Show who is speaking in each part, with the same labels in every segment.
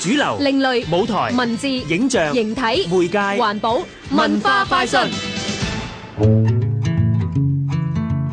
Speaker 1: 主流、另類、舞台、文字、影像、形體、媒介、環保、文化、快訊。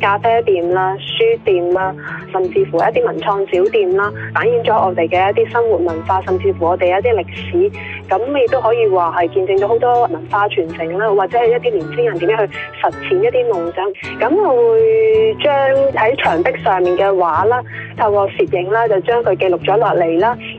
Speaker 2: 咖啡店啦、書店啦，甚至乎一啲文創小店啦，反映咗我哋嘅一啲生活文化，甚至乎我哋一啲歷史，咁亦都可以話係見證咗好多文化傳承啦，或者係一啲年輕人點樣去實踐一啲夢想，咁我會將喺牆壁上面嘅畫啦、透過攝影啦，就將佢記錄咗落嚟啦。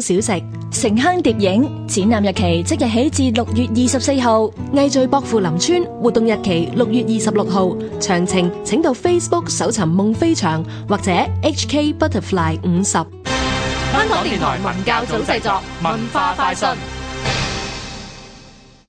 Speaker 1: 小食、城鄉疊影展覽日期即日起至六月二十四號，藝聚薄扶林村活動日期六月二十六號，詳情請到 Facebook 搜尋夢飛翔或者 HK Butterfly 五十。香港電台文教組製作，文化快訊。